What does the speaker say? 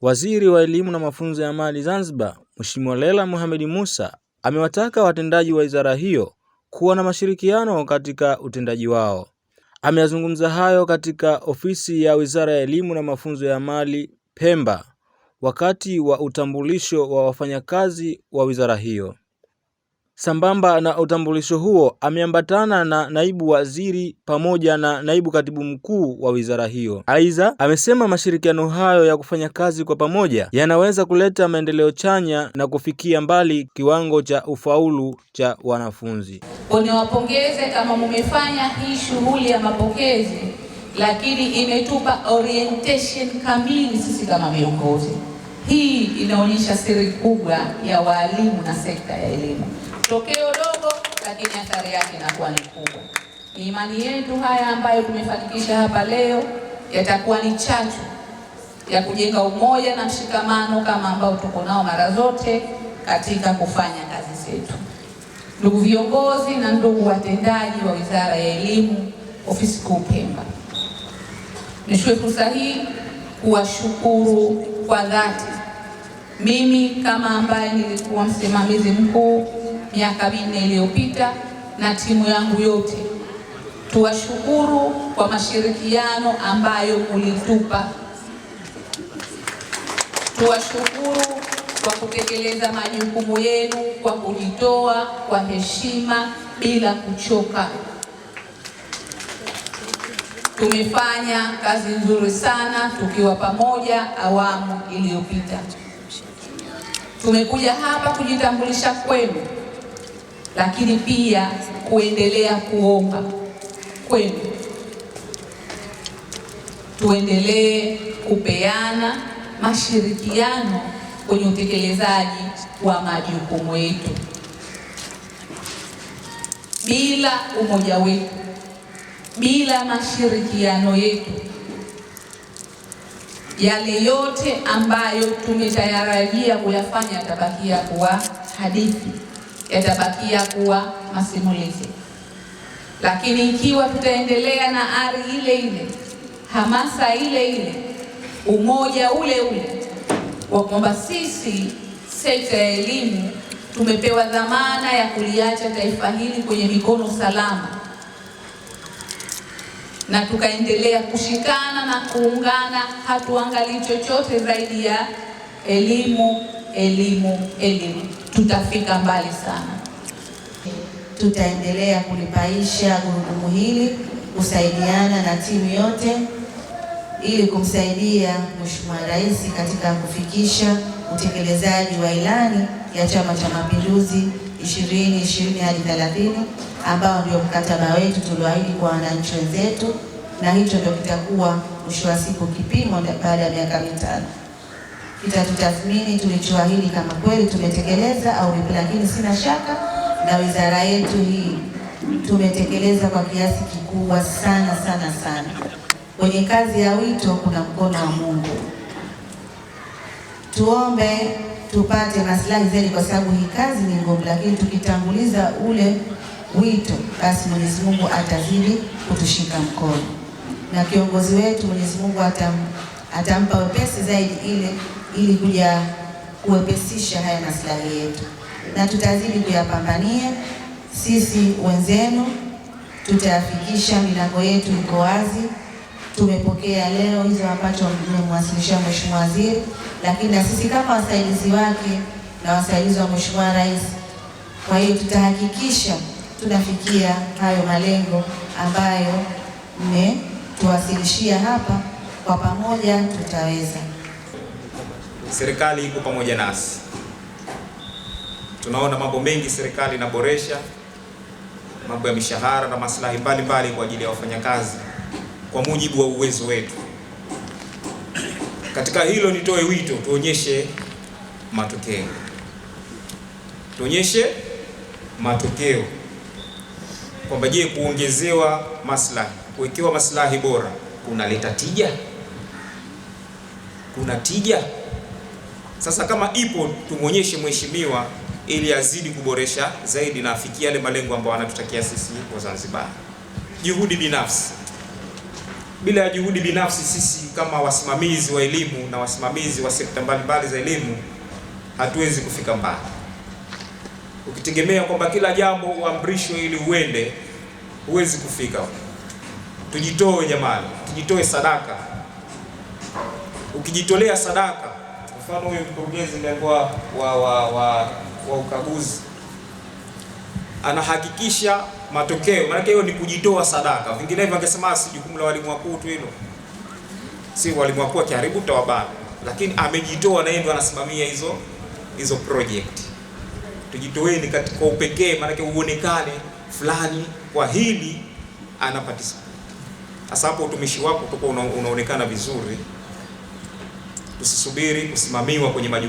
Waziri wa Elimu na Mafunzo ya Amali Zanzibar, Mheshimiwa lela Mohamed musa amewataka watendaji wa wizara hiyo kuwa na mashirikiano katika utendaji wao. Ameyazungumza hayo katika ofisi ya Wizara ya Elimu na Mafunzo ya Amali Pemba wakati wa utambulisho wa wafanyakazi wa wizara hiyo. Sambamba na utambulisho huo ameambatana na naibu waziri pamoja na naibu katibu mkuu wa wizara hiyo. Aidha, amesema mashirikiano hayo ya kufanya kazi kwa pamoja yanaweza kuleta maendeleo chanya na kufikia mbali kiwango cha ufaulu cha wanafunzi. Niwapongeze kama mumefanya hii shughuli ya mapokezi, lakini imetupa orientation kamili sisi kama viongozi. Hii inaonyesha siri kubwa ya walimu na sekta ya elimu tokeo dogo, lakini athari yake inakuwa ni kubwa. Ni imani yetu haya ambayo tumefanikisha hapa leo yatakuwa ni chachu ya kujenga umoja na mshikamano kama ambao tuko nao mara zote katika kufanya kazi zetu. Ndugu viongozi na ndugu watendaji wa Wizara ya Elimu Ofisi Kuu Pemba, nichukue fursa hii kuwashukuru kwa dhati. Mimi kama ambaye nilikuwa msimamizi mkuu miaka minne iliyopita na timu yangu yote, tuwashukuru kwa mashirikiano ambayo mulitupa, tuwashukuru kwa kutekeleza majukumu yenu kwa kujitoa kwa heshima bila kuchoka. Tumefanya kazi nzuri sana tukiwa pamoja awamu iliyopita. Tumekuja hapa kujitambulisha kwenu lakini pia kuendelea kuomba kwenu, tuendelee kupeana mashirikiano kwenye utekelezaji wa majukumu yetu. Bila umoja wetu, bila mashirikiano yetu, yale yote ambayo tumetayarajia kuyafanya yatabakia kuwa hadithi yatabakia kuwa masimulizi. Lakini ikiwa tutaendelea na ari ile ile, hamasa ile ile, umoja ule ule wa kwamba sisi sekta ya elimu tumepewa dhamana ya kuliacha taifa hili kwenye mikono salama, na tukaendelea kushikana na kuungana, hatuangalii chochote zaidi ya elimu, elimu, elimu tutafika mbali sana. Tutaendelea kulipaisha gurudumu hili, kusaidiana na timu yote ili kumsaidia Mheshimiwa Rais katika kufikisha utekelezaji wa ilani ya Chama cha Mapinduzi 2020 hadi 30 ambao ndio mkataba wetu tulioahidi kwa wananchi wenzetu, na hicho ndio kitakuwa mwisho wa siku kipimo baada ya miaka mitano itatutathmini tulichoahidi kama kweli tumetekeleza au vipi, lakini sina shaka na wizara yetu hii tumetekeleza kwa kiasi kikubwa sana sana sana. Kwenye kazi ya wito kuna mkono wa Mungu. Tuombe tupate maslahi zaidi, kwa sababu hii kazi ni ngumu, lakini tukitanguliza ule wito, basi Mwenyezi Mungu atazidi kutushika mkono na kiongozi wetu Mwenyezi Mungu atam, atampa wepesi zaidi ile ili kuja kuwepesisha haya maslahi yetu, na tutazidi kuyapambania. Sisi wenzenu tutayafikisha, milango yetu iko wazi. Tumepokea leo hizo ambacho mmemwasilishia Mheshimiwa Waziri, lakini na sisi kama wasaidizi wake na wasaidizi wa Mheshimiwa Rais. Kwa hiyo tutahakikisha tunafikia hayo malengo ambayo mmetuwasilishia hapa. Kwa pamoja tutaweza serikali iko pamoja nasi. Tunaona mambo mengi serikali inaboresha, mambo ya mishahara na maslahi mbalimbali kwa ajili ya wafanyakazi kwa mujibu wa uwezo wetu. Katika hilo, nitoe wito, tuonyeshe matokeo, tuonyeshe matokeo kwamba je, kuongezewa maslahi, kuwekewa maslahi bora kunaleta tija, kuna tija sasa kama ipo, tumwonyeshe mheshimiwa ili azidi kuboresha zaidi na afikie yale malengo ambayo anatutakia sisi Wazanzibari. Juhudi binafsi. Bila ya juhudi binafsi, sisi kama wasimamizi wa elimu na wasimamizi wa sekta mbalimbali za elimu hatuwezi kufika mbali. Ukitegemea kwamba kila jambo uamrishwe ili uende, huwezi kufika. Tujitoe jamani, tujitoe sadaka. Ukijitolea sadaka mfano huyu mkurugenzi alikuwa wa, wa, wa, wa ukaguzi anahakikisha matokeo, maana hiyo ni kujitoa sadaka. Vinginevyo angesema ah, si jukumu la walimu wakuu tu hilo, si walimu wakuu akiharibu tawabana, lakini amejitoa na yeye ndo anasimamia hizo hizo project. Tujitoeni katika upekee, maanake uonekane fulani kwa hili ana participate. Sasa hapo utumishi wako utakuwa unaonekana vizuri tusisubiri kusimamiwa kwenye majukumu.